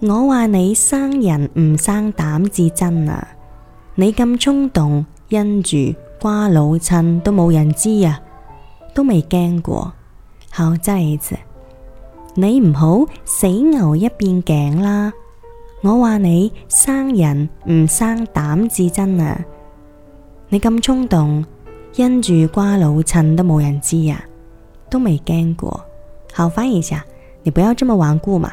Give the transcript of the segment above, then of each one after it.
我話你生人唔生膽至真啊！你咁衝動，因住瓜老襯都冇人知啊，都未驚過好，好真啫！你唔好死牛一便頸啦！我話你生人唔生膽至真啊！你咁衝動，因住瓜老襯都冇人知啊，都未驚過好，好翻譯一下，你不要這麼頑固嘛！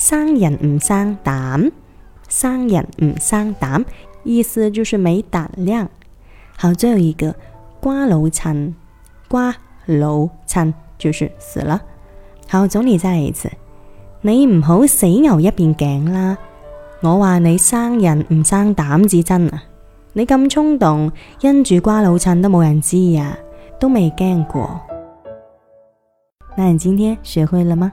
生人唔生膽，生人唔生膽，意思就是沒膽量。好，最後一個瓜老襯，瓜老襯就是死了。好，總理再嚟一次，你唔好死牛一邊頸啦！我話你生人唔生膽至真啊！你咁衝動，因住瓜老襯都冇人知啊，都未驚過。那你今天學會了嗎？